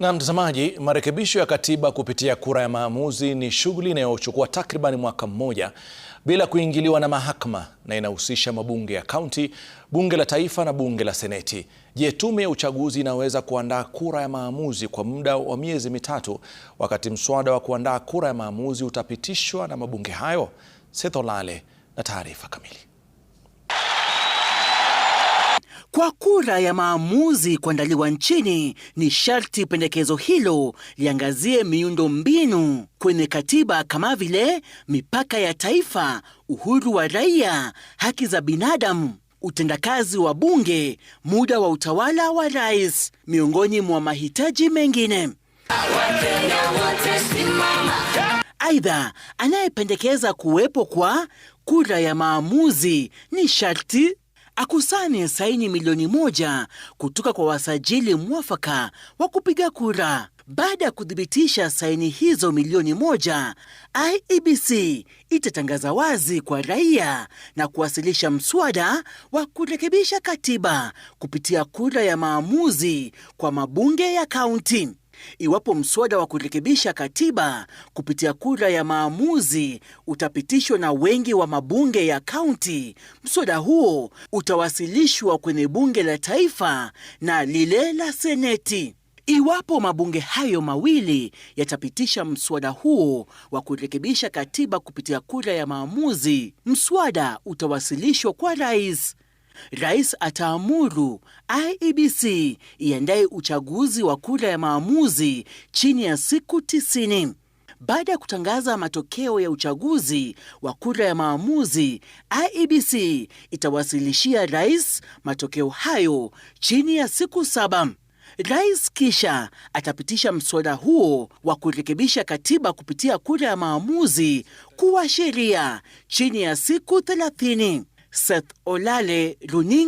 Na mtazamaji, marekebisho ya katiba kupitia kura ya maamuzi ni shughuli inayochukua takriban mwaka mmoja bila kuingiliwa na mahakama na inahusisha mabunge ya kaunti, bunge la taifa na bunge la seneti. Je, tume ya uchaguzi inaweza kuandaa kura ya maamuzi kwa muda wa miezi mitatu wakati mswada wa kuandaa kura ya maamuzi utapitishwa na mabunge hayo? setholale na taarifa kamili. Kwa kura ya maamuzi kuandaliwa nchini, ni sharti pendekezo hilo liangazie miundo mbinu kwenye katiba kama vile mipaka ya taifa, uhuru wa raia, haki za binadamu, utendakazi wa bunge, muda wa utawala wa rais, miongoni mwa mahitaji mengine. Aidha, anayependekeza kuwepo kwa kura ya maamuzi ni sharti akusanye saini milioni moja kutoka kwa wasajili mwafaka wa kupiga kura. Baada ya kuthibitisha saini hizo milioni moja, IEBC itatangaza wazi kwa raia na kuwasilisha mswada wa kurekebisha katiba kupitia kura ya maamuzi kwa mabunge ya kaunti iwapo mswada wa kurekebisha katiba kupitia kura ya maamuzi utapitishwa na wengi wa mabunge ya kaunti, mswada huo utawasilishwa kwenye bunge la taifa na lile la seneti. Iwapo mabunge hayo mawili yatapitisha mswada huo wa kurekebisha katiba kupitia kura ya maamuzi, mswada utawasilishwa kwa rais Rais ataamuru IEBC iandaye uchaguzi wa kura ya maamuzi chini ya siku 90 Baada ya kutangaza matokeo ya uchaguzi wa kura ya maamuzi, IEBC itawasilishia rais matokeo hayo chini ya siku saba. Rais kisha atapitisha mswada huo wa kurekebisha katiba kupitia kura ya maamuzi kuwa sheria chini ya siku thelathini. set olale luny